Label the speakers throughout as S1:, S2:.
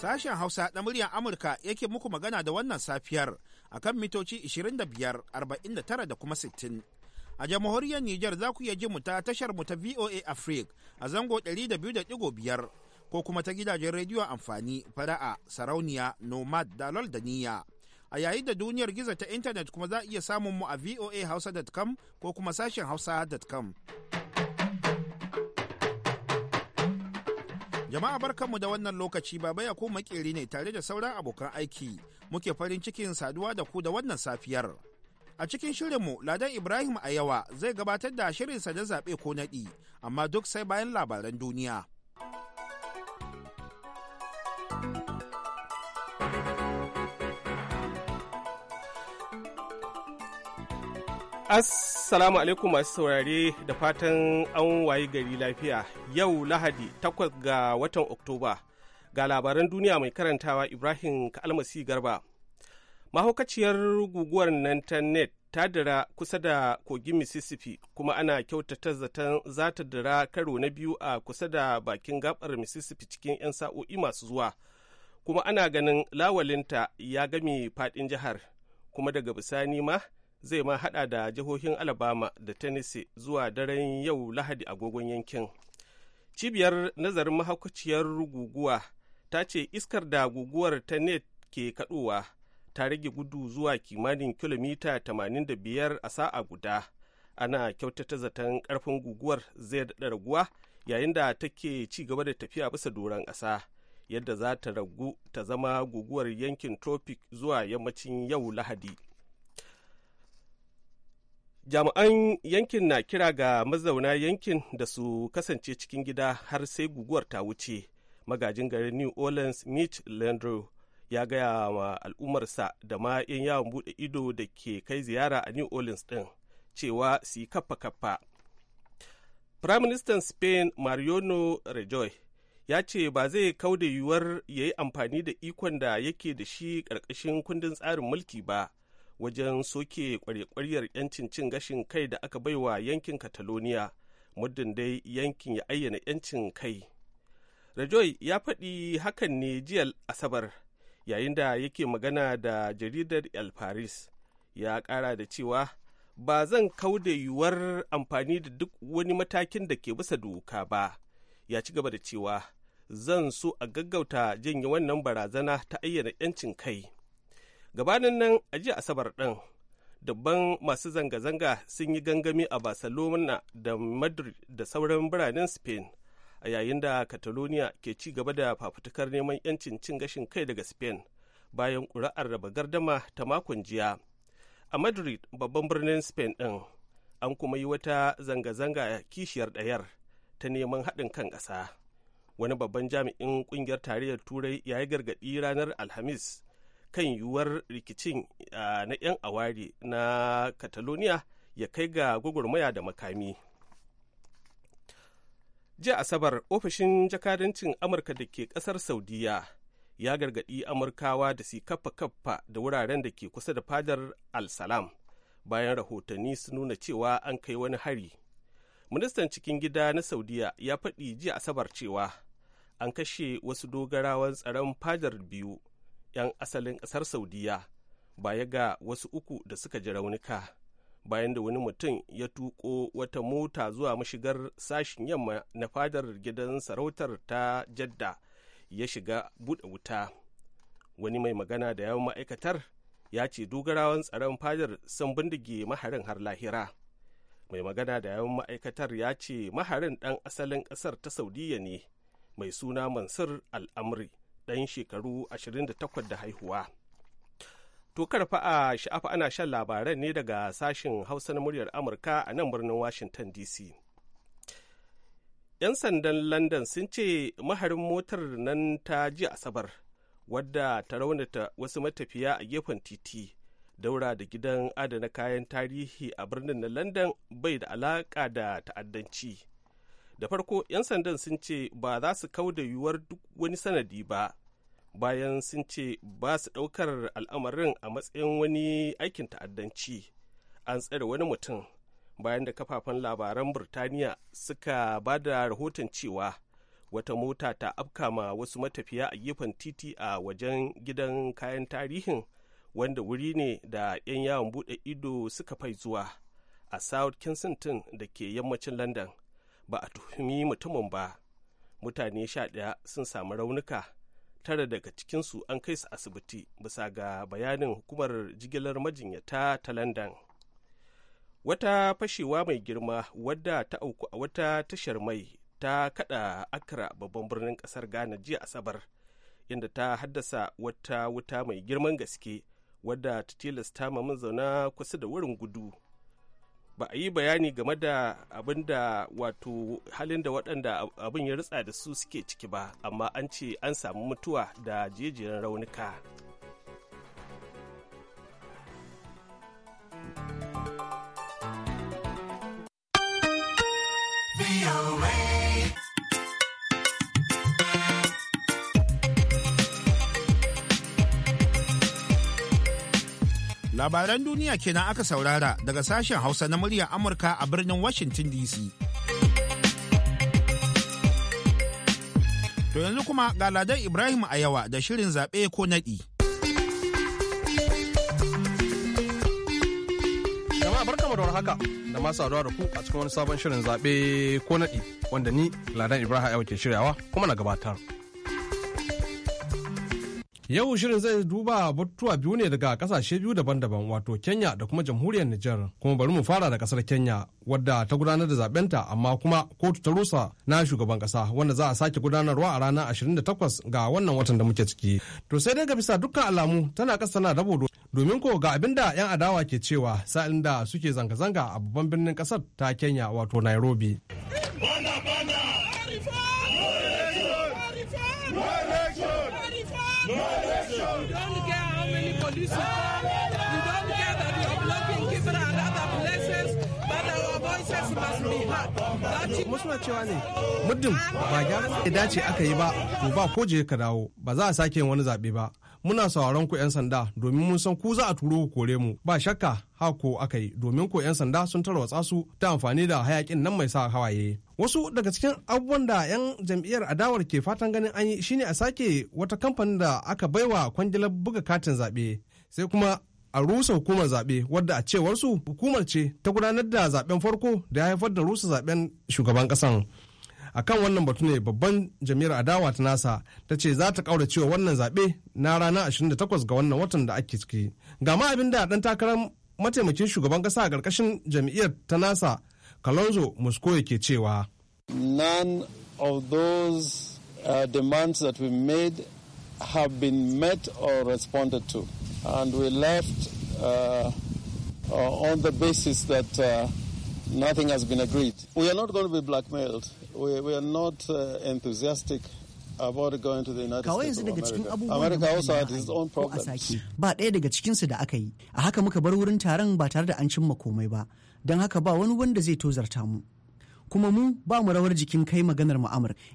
S1: Sashen Hausa na muryar Amurka yake muku magana da wannan safiyar akan mitoci biyar arba'in da kuma 60. A jamhuriyar Nijar za ku iya ji mu ta tashar mu ta VOA Africa a zango 200.5 ko kuma ta gidajen rediyo amfani fara'a sarauniya nomad dalol da niyya. A yayin da duniyar gizo ta intanet kuma za a iya samun mu a voahausa.com ko kuma sashen hausa.com. Jama'a barkanmu da wannan lokaci baba ko makeri ne tare da sauran abokan aiki muke farin cikin saduwa da ku da wannan safiyar. A cikin shirinmu Ladan Ibrahim a yawa zai gabatar da shirinsa na zaɓe ko naɗi amma duk sai bayan labaran duniya.
S2: Assalamu alaikum masu saurare da fatan an wayi gari lafiya yau Lahadi takwas ga watan Oktoba ga labaran duniya mai karantawa Ibrahim Kalmasi Garba. Mahaukaciyar guguwar nan ta net ta dira kusa da kogin Mississippi kuma ana kyautata zaton za ta dira karo na biyu a kusa da bakin gabar Mississippi cikin 'yan sa'o'i masu zuwa kuma ana ganin lawalinta ya gami faɗin jihar kuma daga bisani ma. zai ma hada da jihohin alabama da tennessee zuwa daren yau lahadi agogon yankin cibiyar nazarin mahaukaciyar guguwa ta ce iskar da guguwar ta net ke kadowa ta rage gudu zuwa kimanin kilomita 85 a sa'a guda ana kyautata zaton karfin guguwar zai da raguwa yayin da take ci gaba da tafiya bisa doron ƙasa yadda za ta ragu ta zama guguwar yankin tropic zuwa yammacin yau lahadi jami'an yankin na kira ga mazauna yankin da su kasance cikin gida har sai guguwar ta wuce magajin garin new orleans mitch landrew ya gaya wa al'ummarsa da ma 'yan yawon bude ido da ke kai ziyara a new orleans din cewa su yi kaffa-kaffa prime minister spain mariano rajoy ya ce ba zai kauda yiwuwar ya yi amfani da ikon da yake da shi ƙarƙashin kundin tsarin mulki ba wajen soke kwarekwaryar 'yancin cin gashin kai da aka baiwa yankin Kataloniya, muddin dai yankin ya ayyana 'yancin kai rajoy ya faɗi hakan ne jiya asabar yayin da yake magana da jaridar el paris ya ƙara da cewa ba zan kauda yiwuwar amfani da duk wani matakin da ke bisa doka ba ya ci gaba da cewa zan so a gaggauta janye wannan barazana ta ayyana 'yancin kai gabanin nan a jiya asabar ɗin dubban masu zanga-zanga sun yi gangami a barcelona da madrid da sauran biranen spain a yayin da catalonia ke ci gaba da fafutukar neman 'yancin cin gashin kai daga spain bayan ƙuri'ar raba gardama ta makon jiya a madrid babban birnin spain ɗin an kuma yi wata zanga-zanga kishiyar ɗayar ta neman haɗin kan ƙasa wani babban jami'in ƙungiyar tarayyar turai ya yi gargaɗi ranar alhamis kan yiwuwar rikicin na 'yan awari na catalonia ya kai ga gwagwarmaya da makami jiya asabar ofishin jakadancin amurka da ke kasar saudiya ya gargadi amurkawa da su kafa kaffa da wuraren da ke kusa da fadar al-salam bayan rahotanni su nuna cewa an kai wani hari ministan cikin gida na saudiya ya faɗi jiya asabar cewa an kashe wasu dogarawan tsaron fadar biyu 'yan asalin ƙasar saudiya baya ga wasu uku da suka ji raunuka bayan da wani mutum ya tuko wata mota zuwa mashigar sashin yamma na fadar gidan sarautar ta jadda ya shiga buɗe wuta wani mai magana da yawon ma'aikatar ya ce dogarawan tsaron fadar sun bindige maharin har lahira mai magana da yawon ma'aikatar ya ce maharin ɗan asalin ƙasar ta saudiya ne mai suna mansur al'amri ɗan shekaru 28 da haihuwa. To karfa a sha'afa ana shan labaran ne daga sashen Hausa na muryar Amurka a nan birnin Washington DC. 'Yan sandan London sun ce maharin motar nan ta ji Asabar, wadda ta raunata wasu matafiya a gefen titi, daura da gidan adana kayan tarihi a birnin na London bai da alaƙa da ta'addanci. Da farko, 'yan sandan sun ce ba za su kau da yiwuwar duk wani sanadi ba. bayan sun ce ba su ɗaukar al'amarin a matsayin wani aikin ta'addanci an tsare wani mutum bayan da kafafen labaran burtaniya suka ba da rahoton cewa wata mota ta afka ma wasu matafiya a gefen titi a wajen gidan kayan tarihin wanda wuri ne da 'yan yawon buɗe ido suka fai zuwa a south kensington da ke yammacin london ba a tuhumi mutumin ba mutane sha ɗaya sun samu raunuka tara daga cikinsu an kai su asibiti bisa ga bayanin hukumar jigilar majinyata ta london wata fashewa mai girma wadda ta auku a wata tashar mai ta kada akra babban birnin kasar ghana jiya asabar inda ta haddasa wata wuta mai girman gaske wadda ta tilasta ma mazauna kusa da wurin gudu ba a yi bayani game da abin da wato halin da waɗanda abin ya ritsa da su suke ciki ba amma an ce an samu mutuwa da jejerin raunuka
S1: Labaran duniya kenan aka saurara daga sashen Hausa na muryar Amurka a birnin Washington DC. To yanzu kuma ga Ladan Ibrahim Ayawa da shirin zaɓe ko naɗi.
S3: haka da masu saduwa da ku a cikin wani sabon shirin zaɓe ko naɗi wanda ni Ladan Ibrahim Ayawa ke shiryawa kuma na gabatar. Yau shirin zai duba batutuwa biyu ne daga kasashe biyu daban-daban wato Kenya da kuma jamhuriyar Nijar. Kuma bari mu fara da kasar Kenya wadda ta gudanar da zabenta amma kuma kotu ta rusa na shugaban kasa wanda za a sake gudanarwa a ranar 28 ga wannan watan da muke ciki. To sai dai ga bisa dukkan alamu tana kasa na dabo domin ko ga abin da 'yan adawa ke cewa sa'in da suke zanga-zanga a babban birnin kasar ta Kenya wato Nairobi. No suna cewa ne muddin ba gyaran da dace aka yi ba to ba ko je ka dawo ba za a sake yin wani zaɓe ba muna sauraron ku 'yan sanda domin mun san ku za a turo kore mu ba shakka hako aka yi domin ko 'yan sanda sun tarwatsa su ta amfani da hayakin nan mai sa hawaye wasu daga cikin abubuwan da 'yan jam'iyyar adawar ke fatan ganin an yi shine a sake wata kamfanin da aka baiwa kwangilar buga katin zaɓe sai kuma a rusa hukumar zaɓe wadda a cewarsu hukumar ce ta gudanar da zaɓen farko da ya haifar da rusa zaɓen shugaban ƙasan kan wannan batu ne babban jami'ar adawa ta nasa ta ce za ta ƙaura cewa wannan zaɓe na rana 28 ga wannan watan da ake ciki ga ma abin da ɗan takarar mataimakin shugaban ƙasa a ƙarƙashin jami'ar ta nasa kalonzo musko ke cewa
S4: none of those uh,
S5: demands that we made have been met or responded to and we left uh, uh, on the basis that uh, nothing has been agreed. We are not going to be blackmailed. We, we are not uh, enthusiastic about going to the United Kawai daga cikin abubuwan da also had own
S6: problems. Ba ɗaya daga cikinsu
S7: da aka yi, a haka muka bar wurin taron ba tare da an cimma komai ba, don haka ba wani wanda zai tozarta
S3: mu. Kuma mu ba mu rawar jikin kai maganar mu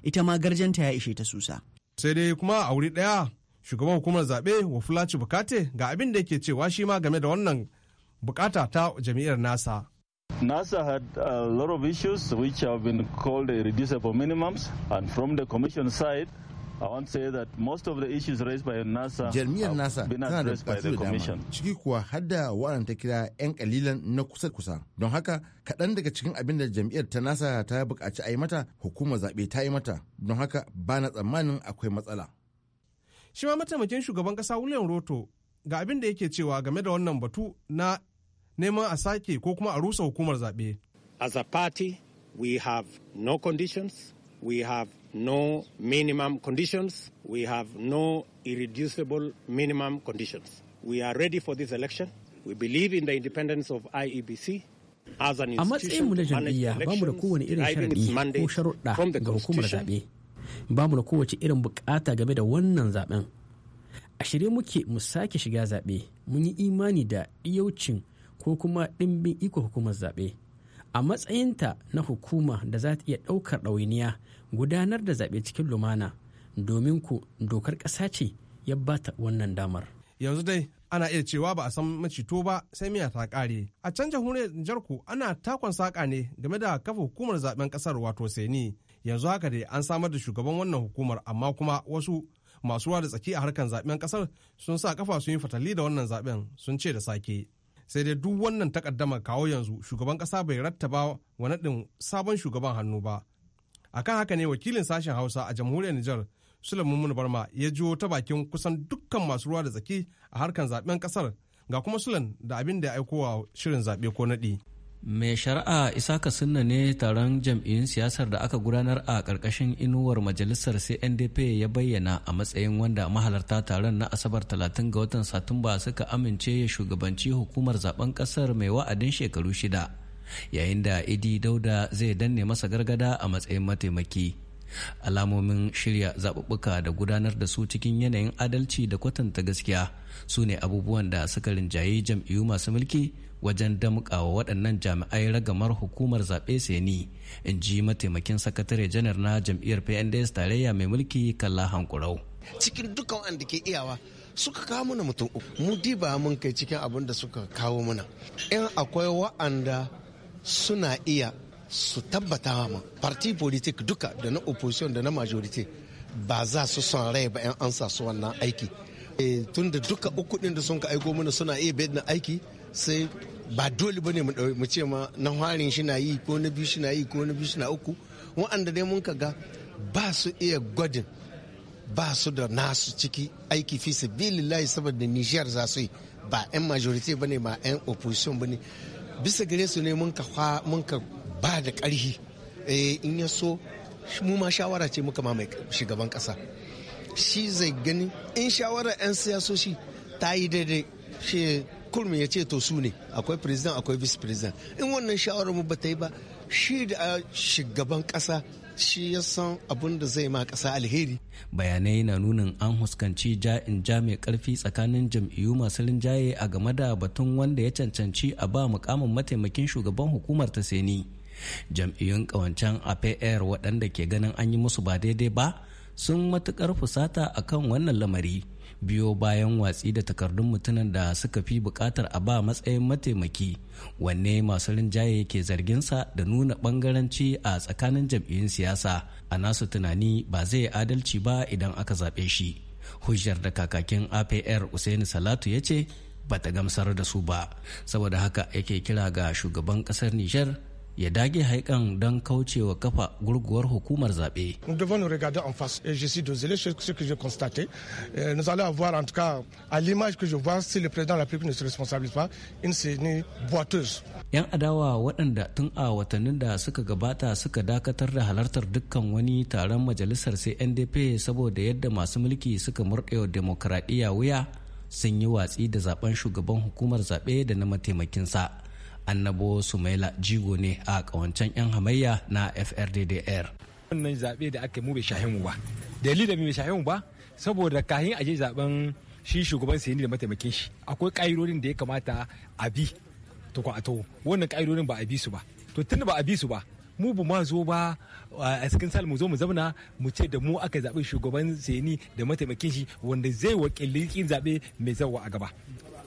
S3: ita ma garjanta ya ishe ta susa. Sai dai kuma a wuri ɗaya shugaban hukumar zaɓe wafulaci bukate ga abin da yake cewa shi ma game da wannan bukata ta jami'ar nasa
S2: NASA had a lot of issues which have been called irreducible minimums, and from the Commission side, I want to say that most of the issues raised by NASA Jami'ar
S8: NASA tana da bukatu da dama. Ciki kuwa hadda waɗanda ta kira 'yan kalilan na kusa kusa. Don haka kaɗan daga cikin abin da jam'iyyar ta NASA ta bukaci a yi mata hukumar zaɓe ta yi mata. Don haka ba na tsammanin akwai matsala. shi ma mataimakin shugaban kasa william roto ga abin da yake
S3: cewa game da wannan batu na neman a sake ko kuma a rusa hukumar zaɓe. as a
S4: party we have no conditions we have no minimum conditions we have no irreducible minimum conditions we are ready for this election we believe in the independence of iebc a matsayinmu na jam'iyya
S7: ba mu da kowane irin sharaɗi ko sharuɗa ga hukumar zaɓe ba mu da kowace irin bukata game da wannan zaben a shirye muke mu sake shiga zaɓe mun yi imani da iyaucin ko kuma ɗimbin iko hukumar zaɓe a matsayinta na hukuma da za ta iya ɗaukar ɗawainiya gudanar da zaɓe cikin lumana domin ku dokar ƙasa ce ya ba ta wannan damar
S3: yanzu dai ana iya cewa ba a san macito ba sai miya ta ƙare. a can jamhuriyar nijar ku ana takon saƙa ne game da kafa hukumar zaɓen ƙasar wato seni yanzu haka dai an samar da shugaban wannan hukumar amma kuma wasu masu ruwa da tsaki a harkar zaben kasar sun sa kafa sun yi fatali da wannan zaben sun ce da sake sai dai duk wannan takaddama kawo yanzu shugaban kasa bai rattaba wa naɗin sabon shugaban hannu ba akan haka ne wakilin sashen hausa a jamhuriyar nijar sulaiman barma ya jiwo ta bakin kusan dukkan masu ruwa da tsaki a harkar zaben kasar ga kuma sulan da abin da ya aiko wa shirin zaɓe ko naɗi. mai shari'a isaka
S7: sunna ne taron jam'iyyun siyasar da aka gudanar a ƙarƙashin inuwar majalisar cndp ya bayyana a matsayin wanda mahalarta taron na asabar 30 ga watan satumba suka amince ya shugabanci hukumar zaben ƙasar mai wa'adin shekaru shida yayin da idi dauda zai danne masa gargada a matsayin mataimaki alamomin shirya zaɓuɓɓuka da gudanar da su cikin yanayin adalci da kwatanta gaskiya su ne abubuwan da suka rinjayi jam'iyyu masu mulki wajen damƙawa waɗannan jami'ai ragamar hukumar zaɓe seni in ji mataimakin sakatare janar na jam'iyyar pnds tarayya mai mulki kalla hankurau
S8: cikin dukkan wanda ke iyawa suka kawo mana mutum uku mu diba mun kai cikin abin da suka kawo mana in akwai wa'anda suna iya su tabbata ma parti politik duka da na opposition da na majority ba za su son rai ba 'yan ansa su wannan aiki eh, tun da duka uku din da sun ka aiko mana suna iya na aiki sai ba dole bane mu mu ce ma na harin shi na yi ko na biyu shi na yi ko na biyu shi na uku wa'anda dai mun ga ba su iya gwadin ba su da nasu ciki aiki fi sabilillahi saboda nijiyar za su yi ba 'yan majority ba ne ba 'yan opposition ba ne bisa gare su ne mun ka ba da karhi eh, in ya so mu ma shawara ce muka mamaye shugaban kasa shi zai gani in shawara 'yan siyasoshi ta yi daidai shi kurmi ya ce to su ne akwai president akwai vice president in wannan shawarar mu ba ta yi ba shi da shugaban kasa shi ya san abin da zai ma kasa alheri
S7: bayanai na nunin an huskanci ja'in ja mai karfi tsakanin jam'iyyu masu rinjaye a game da batun wanda ya cancanci a ba mukamin mataimakin shugaban hukumar ta seni jam'iyyun kawancan apr waɗanda ke ganin an yi musu ba daidai ba sun matukar fusata akan wannan lamari biyo bayan watsi da takardun mutumin da suka fi bukatar a ba matsayin mataimaki wanne masu rinjaye ke zarginsa da nuna bangaranci a tsakanin jam'iyyun siyasa a nasu tunani ba zai adalci ba idan aka zaɓe shi hujjar da kakakin apr usaini salatu ya ce ba ta gamsar da su ba saboda haka yake kira ga shugaban ƙasar nijar ya dage haikan don kaucewa kafa gurguwar hukumar zaɓe. Yan adawa waɗanda tun a watannin da suka gabata suka dakatar da halartar dukkan wani taron majalisar sai NDP saboda yadda masu mulki suka murɗewa demokradiyya wuya sun yi watsi da zaben shugaban hukumar zaɓe da na mataimakinsa. annabo sumaila jigo ne a kawancen 'yan hamayya na frddr
S9: wannan zaɓe da aka yi mu bai shahin mu ba dalilin bai shahin mu ba saboda kahin aje zaben shi shugaban sayani da mataimakin shi akwai ƙa'irorin da ya kamata a bi to ko a to wannan ƙa'irorin ba a bi su ba to tun ba a bi su ba mu bu ma zo ba a cikin sal mu zo mu zauna mu ce da mu aka zaɓi shugaban sayani da mataimakin shi wanda zai wakilin zaɓe mai zawa a gaba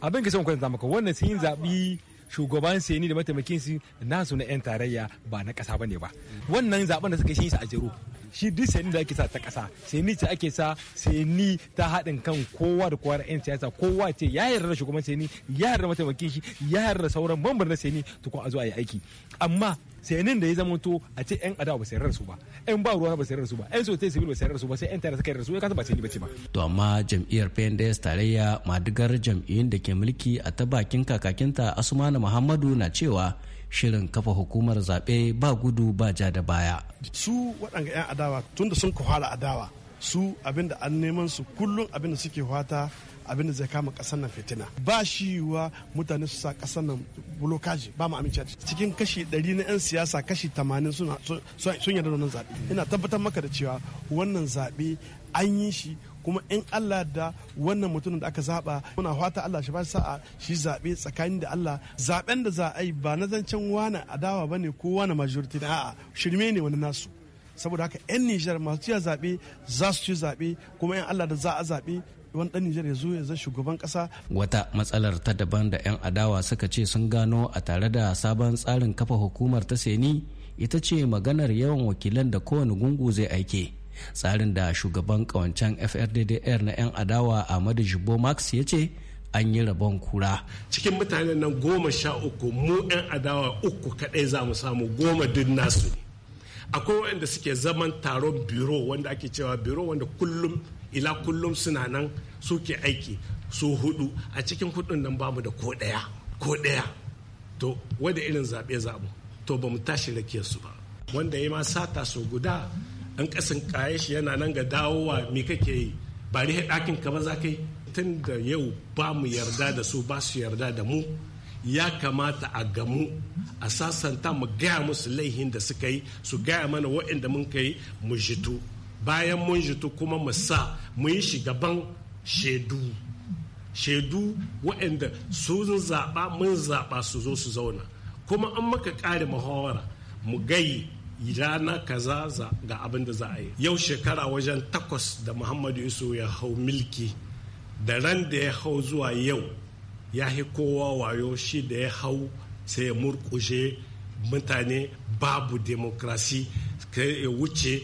S9: abin ka san kwanta maka wannan sun yi zaɓi shugaban seni da mataimakin su nasu na yan tarayya ba na kasa ne ba wannan zaben da suka yi shi a jiro shi duk sani da ake sa ta kasa sani ce ake sa seni ta haɗin kan kowa da kowa da yan siyasa kowa ce ya yarda da shugaban seni ya yarda mataimakin shi ya yarda sauran mambar na seni to ko a zo a yi aiki amma nan da ya zama to a ce yan adawa ba sayar da su ba yan ba ruwa ba sayar da su ba yan sai civil ba a da su ba sai yan tare suka da su ya kasa ba sayar ba
S7: to amma jam'iyyar PNDS tarayya madigar jam'iyyun da ke mulki a ta bakin kakakinta asmana Muhammadu na cewa shirin kafa hukumar zaɓe ba gudu ba ja da baya
S5: su waɗanga yan adawa tunda sun ka hala adawa su abinda an neman su kullum abinda suke fata abin da zai kama kasar nan fitina ba shi yiwuwa mutane su sa kasar nan blokaji ba mu amince cikin kashi 100 na 'yan siyasa kashi 80 sun yarda da wannan zaɓe ina tabbatar maka da cewa wannan zaɓe an yi shi kuma in Allah da wannan mutumin da aka zaba muna fata Allah shi ba sa'a shi zabe tsakanin da Allah zaben da za a yi ba na zancen wani adawa ne ko wani majority a'a shirme ne wani nasu saboda haka 'yan nijar masu ciya zaɓe za su ci zaɓe kuma 'yan allah da za a zaɓe wani dan Nijar ya zo ya zai shugaban kasa.
S7: Wata matsalar ta daban da 'yan adawa suka ce sun gano a tare da sabon tsarin kafa hukumar ta seni ita ce maganar yawan wakilan da kowane gungu zai aike. Tsarin da shugaban kawancen FRDDR na 'yan adawa Ahmadu Jibo Max ya ce an yi rabon kura.
S4: Cikin mutanen nan goma sha uku mu 'yan adawa uku kaɗai za mu samu goma duk nasu. Akwai waɗanda suke zaman taron biro wanda ake cewa biro wanda kullum ila kullum suna nan suke aiki su hudu a cikin hudun nan bamu da ko daya ko daya to wanda irin zaɓe zaɓu to ba mu tashi rakiyar su ba wanda ya ma sata so guda an kasan kaye shi yana nan ga dawowa me kake yi ba rihe ɗakin ka ba za ka tun da yau ba mu yarda da su ba su yarda da mu ya kamata a gamu a sasanta mu gaya musu laihin da suka yi su gaya mana waɗanda mun kai mu jitu bayan mun jitu kuma mu sa mu yi gaban shaidu shaidu waɗanda su zaɓa mun zaɓa su zo su zauna kuma an maka ƙare muhawara mu gayi rana kaza ga abin da za a yi yau shekara wajen takwas da muhammadu Yusuf ya hau milki da ran da ya hau zuwa yau ya yi kowa wayo shi da ya hau sai ya murkushe mutane babu demokrasi ya wuce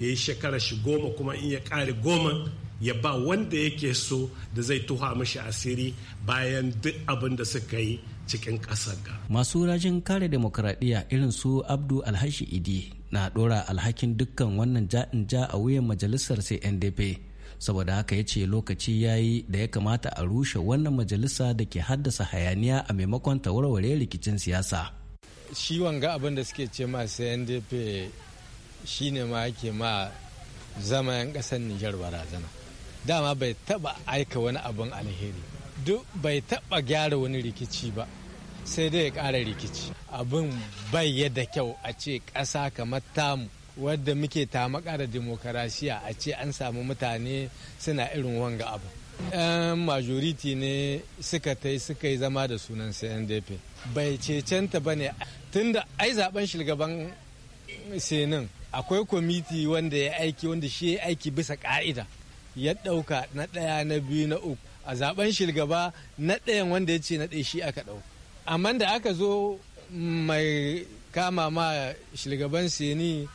S4: ya yi shekara shi goma kuma in ya kare goma ya ba wanda yake so da zai tuha mashi asiri bayan duk abin da suka yi cikin ƙasar ga.
S7: Masu rajin kare demokuraɗiyya irin su Abdu Alhashi Idi na ɗora alhakin dukkan wannan ja'in ja a wuyan majalisar CNDP. saboda haka ya ce lokaci ya yi da ya kamata a rushe wannan majalisa da ke haddasa hayaniya a maimakon ta warware rikicin siyasa.
S9: Shi wanga abin da suke ce masu CNDP Shi ne ma yake ma zama 'yan ƙasar Nijar barazana. Dama bai taɓa aika wani abin alheri, duk bai taɓa gyara wani rikici ba, sai dai ya ƙara rikici. Abin bai yadda kyau a ce ƙasa kamar tamu. wadda muke tamaka da demokarasiya a ce an samu mutane suna irin wanga abu. 'yan majoriti ne suka ta yi suka yi zama da sunan CNDP bai cecenta ba ne tunda ai zaben shugaban senin akwai kwamiti wanda ya aiki wanda shi ya aiki bisa ka'ida ya ɗauka na ɗaya na biyu na uku a zaben shilgaba na ɗayan wanda ya ce na ɗaya shi aka ɗau amma da aka zo mai kama ma shilgaban sini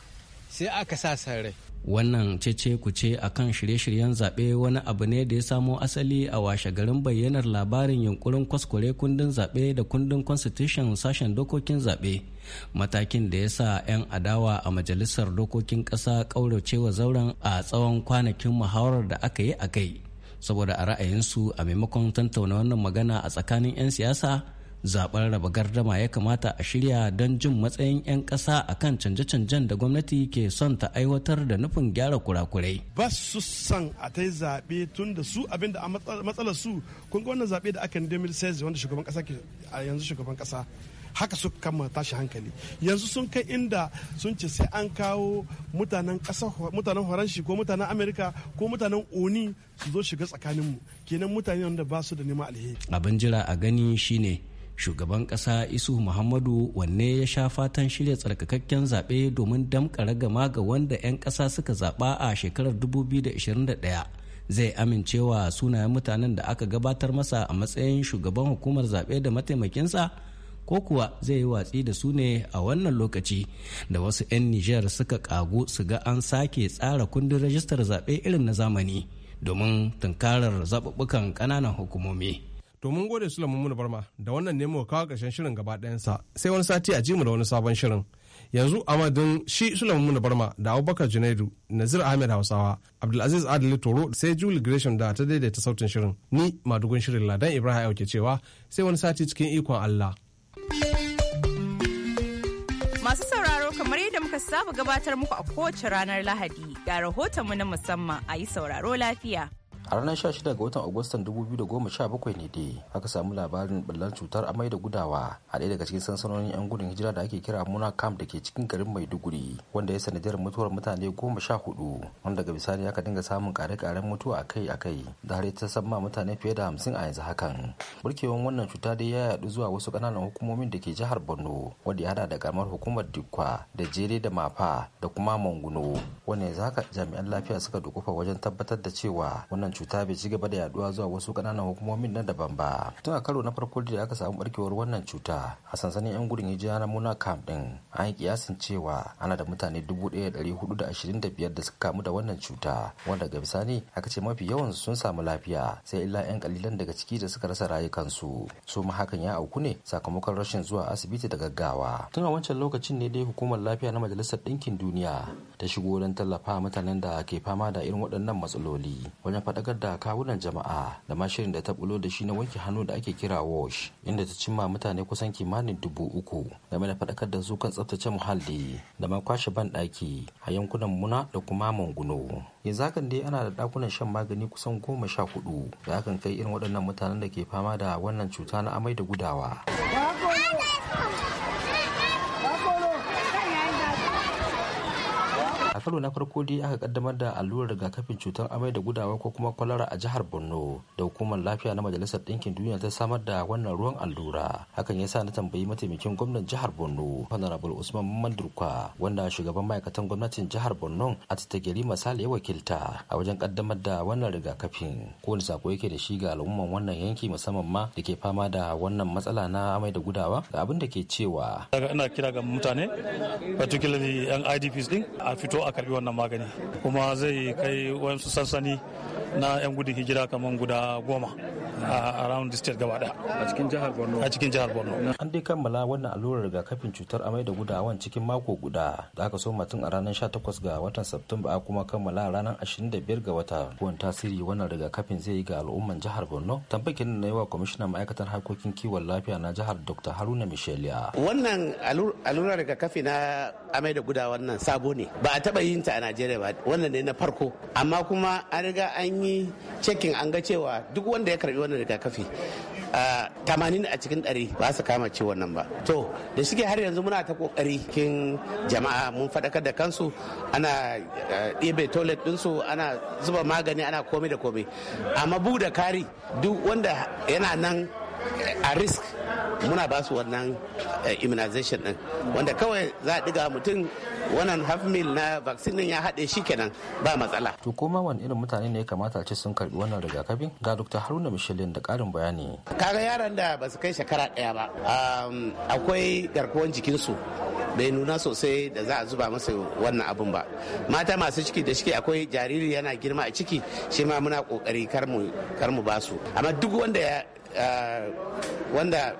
S9: sai aka sa san rai
S7: wannan cece ce a kan shirye-shiryen zaɓe wani abu ne da ya samo asali a washe garin bayyanar labarin yunkurin kwaskware kundin zaɓe da kundin constitution sashen dokokin zaɓe matakin da ya sa 'yan adawa a majalisar dokokin ƙasa ƙauracewa zauren a tsawon kwanakin muhawarar da aka yi a kai saboda a ra'ayinsu a maimakon tantauna wannan magana a tsakanin 'yan siyasa zaben raba gardama ya kamata a shirya don jin matsayin 'yan ƙasa a kan canje-canjen da gwamnati ke son ta aiwatar da nufin gyara kurakurai. ba su san
S5: a ta yi zaɓe tun da su abinda a matsalar su kun wannan zaɓe da aka yi demil wanda shugaban ƙasa ke yanzu shugaban ƙasa haka su kama tashi hankali yanzu sun kai inda sun ce sai an kawo mutanen mutanen horanshi ko mutanen amerika ko mutanen oni su zo shiga tsakaninmu kenan mutane wanda ba su da neman alheri
S7: abin jira a gani shine shugaban ƙasa isu muhammadu wanne ya sha fatan shirya tsarkakakken zaɓe domin damƙa gama ga wanda 'yan ƙasa suka zaɓa a shekarar 2021 zai amincewa sunayen mutanen da aka gabatar masa a matsayin shugaban hukumar zaɓe da mataimakinsa ko kuwa zai yi watsi da su ne a wannan lokaci da wasu 'yan nijar suka kagu su ga an sake tsara kundin rajistar zaɓe irin na zamani domin tunkarar zaɓuɓɓukan ƙananan hukumomi.
S3: To mun gode su lamun barma da wannan nemo kawo ƙarshen shirin gaba ɗayansa sai wani sati a jimu da wani sabon shirin. Yanzu amadin shi Sulaiman Muna Barma da Abubakar Junaidu, Nazir Ahmed Hausawa, Abdulaziz Adili Toro sai Julie Gresham da ta daidaita sautin shirin. Ni madugun shirin Ladan Ibrahim ke cewa sai wani sati cikin ikon Allah.
S7: Masu sauraro kamar yadda muka saba gabatar muku a kowace ranar Lahadi ga mu na musamman a yi sauraro lafiya.
S10: a ranar 16 ga watan agustan 2017 ne dai aka samu labarin ɓullar cutar amai da gudawa a ɗaya daga cikin sansanonin 'yan gudun hijira da ake kira muna kam da ke cikin garin maiduguri wanda ya sanadiyar mutuwar mutane goma sha hudu wanda daga bisani aka dinga samun kare-karen mutuwa akai-akai da har ta ma mutane fiye da hamsin a yanzu hakan burkewan wannan cuta dai ya yaɗu zuwa wasu ƙananan hukumomin da ke jihar borno wanda ya hada da karamar hukumar dikwa da jere da mafa da kuma manguno wanda yanzu haka jami'an lafiya suka dukufa wajen tabbatar da cewa wannan cuta bai ci gaba da yaduwa zuwa wasu kananan hukumomin na daban ba tun a karo na farko da aka samu barkewar wannan cuta a sansanin yan gudun hijira na muna camp din an yi kiyasin cewa ana da mutane 1425 da suka kamu da wannan cuta wanda ga bisani aka ce mafi yawan sun samu lafiya sai illa yan kalilan daga ciki da suka rasa rayukansu su ma hakan ya auku ne sakamakon rashin zuwa asibiti da gaggawa tun a wancan lokacin ne dai hukumar lafiya na majalisar ɗinkin duniya ta shigo don tallafa mutanen da ke fama da irin waɗannan matsaloli wajen faɗaka. faɗakar da kawunan jama'a da ma shirin da ta bulo da shi na wanke hannu da ake kira wash inda ta cimma mutane kusan kimanin dubu uku game da faɗakar da su kan tsaftace muhalli da ma kwashe ban ɗaki a yankunan muna da kuma manguno yanzu hakan dai ana da ɗakunan shan magani kusan goma sha hudu da hakan kai irin waɗannan mutanen da ke fama da wannan cuta na amai da gudawa. karo na farko dai aka kaddamar da allurar rigakafin cutar amai da gudawa ko kuma kwalara a jihar borno da hukumar lafiya na majalisar ɗinkin duniya ta samar da wannan ruwan allura hakan ya sa na tambayi mataimakin gwamnan jihar borno honorable usman mamman wanda shugaban ma'aikatan gwamnatin jihar borno a ta tattagiri misali ya wakilta a wajen kaddamar da wannan rigakafin kowane sako yake da shi ga al'umman wannan yanki musamman ma da ke fama da wannan matsala na amai da gudawa ga abin da ke cewa
S4: ina kira ga mutane particularly yan idps din a fito a karbi wannan magani kuma zai kai wayansu sansani na 'yan gudun hijira kamar guda goma a around the state gaba daya a cikin jihar borno
S10: an dai kammala wannan allurar rigakafin cutar amai da gudawan cikin mako guda da aka soma tun a ranar 18 ga watan Satumba a kuma kammala ranar 25 ga wata kowane tasiri wannan rigakafin zai yi ga al'umman jihar Borno tambakin na yawa kwamishinan ma'aikatar harkokin kiwon lafiya na jihar Dr. Haruna Michelia
S11: wannan allurar rigakafi na amai da gudawan nan sabo ne ba a taba taba yin ta a najeriya ba wannan ne na farko amma kuma an riga an yi cekin an ga cewa duk wanda ya karbi wannan rigakafi tamanin a cikin ɗari ba su kama ciwon nan ba to da shige har yanzu muna ta kokari kin jama'a mun faɗakar da kansu ana ɗebe toilet ɗinsu ana zuba magani ana komai da komai amma bu da kari duk wanda yana nan a risk muna ba su wannan eh, immunization din wanda kawai za a diga mutum wannan half mil na vaccine din ya haɗe shi kenan ba matsala
S10: to kuma wani irin mutane ne ya kamata a ce sun karbi wannan rigakafi ga dr haruna michelin da ƙarin bayani
S11: kaga yaran da ba su kai shekara ɗaya ba um, akwai garkuwan jikinsu bai nuna sosai da za a zuba masa wannan abun ba mata masu ciki da ciki akwai jariri yana girma a ciki shi ma muna kokari kar mu ba su amma duk wanda ya eh, wanda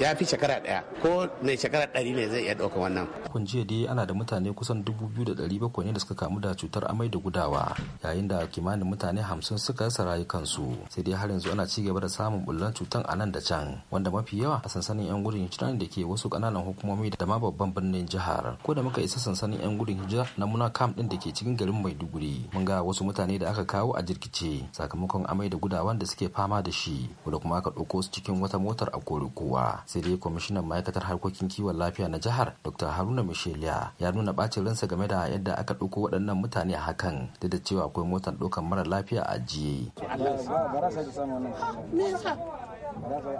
S11: ya fi shekara daya ko mai shekara ɗari ne zai iya ɗauka wannan.
S10: Kun jiya dai ana da mutane kusan dubu biyu da ɗari bakwai ne da suka kamu da cutar amai da gudawa yayin da kimanin mutane hamsin suka rasa rayukansu sai dai har yanzu ana ci gaba da samun bullan cutar a nan da can wanda mafi yawa a sansanin 'yan gudun hijira da ke wasu ƙananan hukumomi da ma babban birnin jihar ko da muka isa sansanin 'yan gudun hijira na muna kam ɗin da ke cikin garin maiduguri mun ga wasu mutane da aka kawo a jirkice sakamakon amai da gudawa da suke fama da shi wanda kuma aka ɗauko su cikin wata motar a kowa sai dai kwamishinan ma'aikatar harkokin kiwon lafiya na jihar dr haruna misheliya ya nuna bacin ransa game da yadda aka ɗauko waɗannan mutane a hakan duk da cewa akwai motar ɗaukar mara lafiya a jiye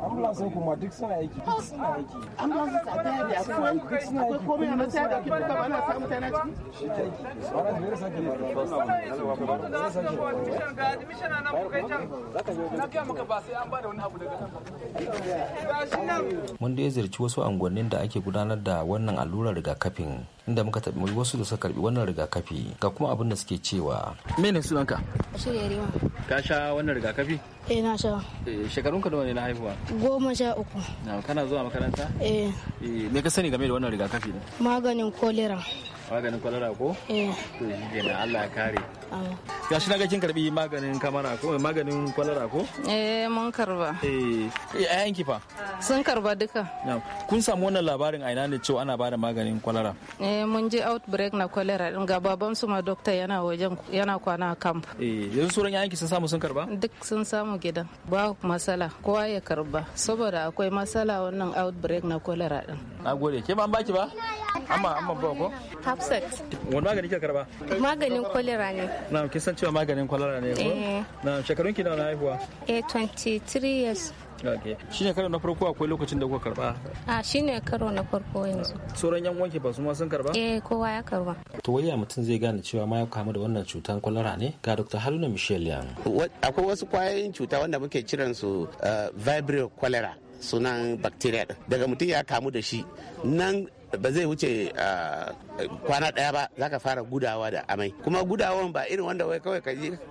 S10: Ambulance kuma duk mun dai zirci wasu unguwannin da ake gudanar da wannan allurar rigakafin inda muka mai wasu da suka karbi wannan rigakafi ga kuma abin da suke cewa mene sunanka shirya ka sha wannan rigakafi eh na sha eh, ka nawa ne na haihuwa
S7: goma sha uku
S10: kana zuwa makaranta eh. eh me ka sani game da wannan rigakafi ne
S7: maganin kolera
S10: maganin kolera ko?
S11: Eh. to shi
S10: kenan Allah ya kare ga shi kin karbi maganin kamara ko maganin kwalara ko
S11: eh mun karba
S10: eh, eh ayan ki fa sun karba duka kun samu wannan labarin a ina ne cewa ana bada maganin kwalara
S2: eh mun je
S7: outbreak na kwalara din ga baban su ma doctor yana wajen yana kwana a camp
S10: eh yanzu suran yayan ki sun samu sun karba
S7: duk sun samu gidan ba masala kowa ya karba saboda akwai masala wannan outbreak na kwalara din
S10: nagode ke an baki ba amma amma ba ko hafsat wani magani kika karba
S7: maganin kwalara ne
S10: na'am kin san cewa maganin kwalara ne ko eh. na'am shekarun ki nawa na haihuwa
S7: eh 23 years
S10: Okay. Shi ne karo na farko akwai lokacin da kuka karba?
S7: A ah, shi ne karo na farko yanzu.
S10: Sauran yan wanke ba su ma sun karba? Eh kowa ya karba. To waya mutum zai gane cewa ma ya kamu da wannan cutan kwalara ne ga Dr. Haruna Michelle Yang.
S11: Akwai wasu kwayoyin cuta wanda muke kiransu eh, Vibrio cholera sunan bacteria daga mutum ya kamu da shi nan ba zai wuce ah, kwana ɗaya ba za ka fara gudawa da amai kuma gudawan ba irin wanda wai kawai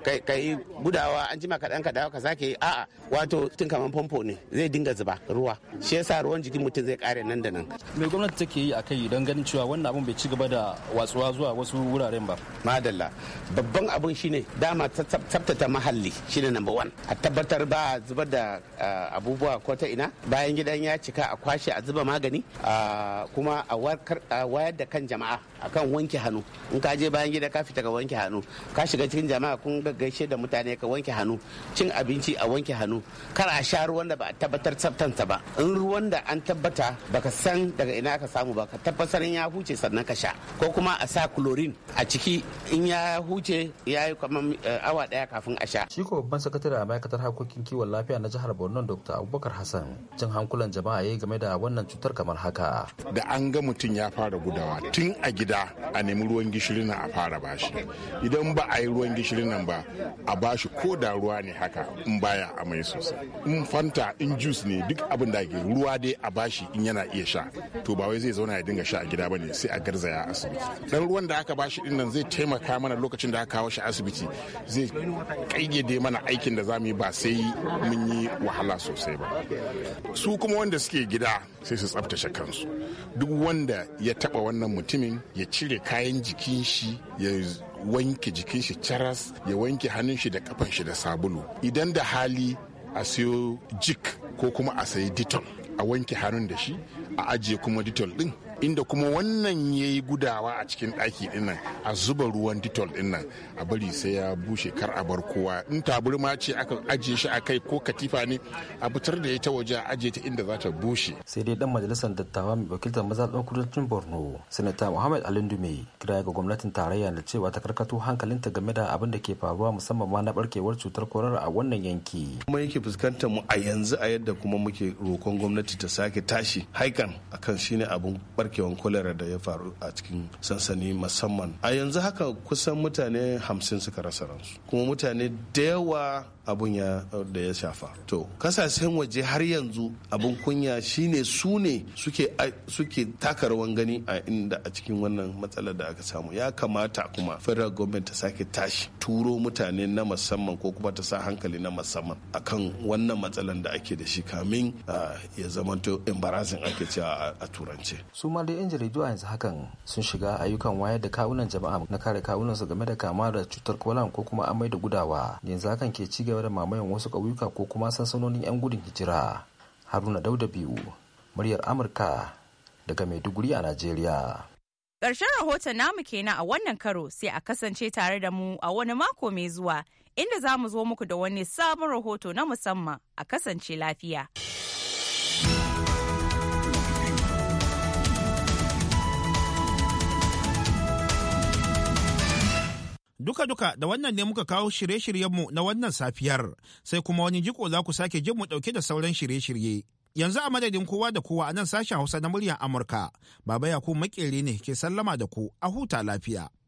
S11: ka yi gudawa an jima kaɗan ka dawo ka sake yi a'a wato tun kamar famfo ne zai dinga zuba ruwa shi yasa ruwan jikin mutum zai kare nan da nan. me gwamnati take yi a kai don ganin cewa wannan abun bai ci gaba da watsuwa zuwa wasu wuraren ba. madalla babban abun shine dama tsabtata muhalli shine number one a tabbatar ba zubar da ah, abubuwa ko ta ina bayan gidan ya cika a kwashe a zuba magani ah, kuma a wayar da kan jama'a akan wanke hannu in ka je bayan gida ka fita ka wanke hannu ka shiga cikin jama'a kun gaishe da mutane ka wanke hannu cin abinci a wanke hannu kar a sha ruwan da ba a tabbatar tsaftansa ba in ruwan da an tabbata baka san daga ina ka samu ba ka tabbatar in ya huce sannan ka sha ko kuma a sa chlorine a ciki in ya huce ya yi kamar eh, awa daya kafin a sha shi
S10: ko babban sakatare a ma'aikatar harkokin kiwon lafiya na jihar Borno Dr. Abubakar Hassan jin hankulan
S6: jama'a yayi game da wannan cutar kamar haka da an ga ga mutum ya fara gudawa tun a gida a nemi ruwan gishiri na a fara bashi idan ba a yi ruwan gishiri nan ba a bashi ko da ruwa ne haka in baya amai sosai in fanta in juice ne duk abin da ake ruwa dai a bashi in yana iya sha to ba wai zai zauna ya dinga sha a gida bane sai a garzaya asibiti dan ruwan da aka bashi din nan zai taimaka mana lokacin da aka kawo shi asibiti zai kayyade mana aikin da zamu yi ba sai mun yi wahala sosai ba su kuma wanda suke gida sai su tsaftace kansu duk wanda ya taba wannan mutumin ya cire kayan jikin shi ya wanke jikin shi caras ya wanke hannun shi da kafan shi da sabulu idan da hali a siyo jik ko kuma a sayi ditol a wanke hannun da shi a ajiye kuma ditol din inda kuma wannan ya yi gudawa a cikin ɗaki dinnan a zuba ruwan ditol dinnan a bari sai ya bushe kar a bar kowa in taburma ce aka ajiye shi a kai ko katifa ne a fitar da ita waje a ajiye ta inda za ta bushe
S10: sai dai dan majalisar dattawa mai wakiltar mazaɓar kudancin borno senator muhammad alindume kira ga gwamnatin tarayya da cewa ta karkato hankalinta game da abin da ke faruwa musamman ma na barkewar cutar korar a wannan yanki
S5: kuma yake fuskantar mu a yanzu a yadda kuma muke rokon gwamnati ta sake tashi haikan akan shine abin barke barkewan kolera da ya faru a cikin sansani musamman a yanzu haka kusan mutane hamsin suka rasa ransu kuma mutane da yawa abun ya da ya shafa to kasashen waje har yanzu abun kunya shine su ne suke suke taka rawan gani a inda a cikin wannan matsalar da aka samu ya kamata kuma federal government ta sake tashi turo mutane na musamman ko kuma ta sa hankali na musamman akan wannan matsalar da ake da shi kamin ah, ya zamanto embarrassing ake cewa a turance
S10: su ma ma dai 'yan jaridu a yanzu hakan sun shiga ayyukan wayar da kawunan jama'a na kare kawunan su game da kama da cutar kwalan ko kuma amai da gudawa yanzu hakan ke ci gaba da mamayan wasu ƙauyuka ko kuma sansanonin 'yan gudun hijira haruna dauda biyu muryar amurka daga maiduguri a najeriya
S7: ƙarshen rahoton namu kenan a wannan karo sai a kasance tare da mu a wani mako mai zuwa inda za mu zo muku da wani sabon rahoto na musamman a kasance lafiya.
S1: Duka-duka da wannan ne muka kawo shirye-shiryenmu na wannan safiyar, sai kuma wani jiko za ku sake jin mu ɗauke da sauran shirye-shirye. Yanzu a madadin kowa da kowa a nan sashen Hausa na muryar Amurka, Baba Yakubu Makere ne ke sallama da ku a huta lafiya.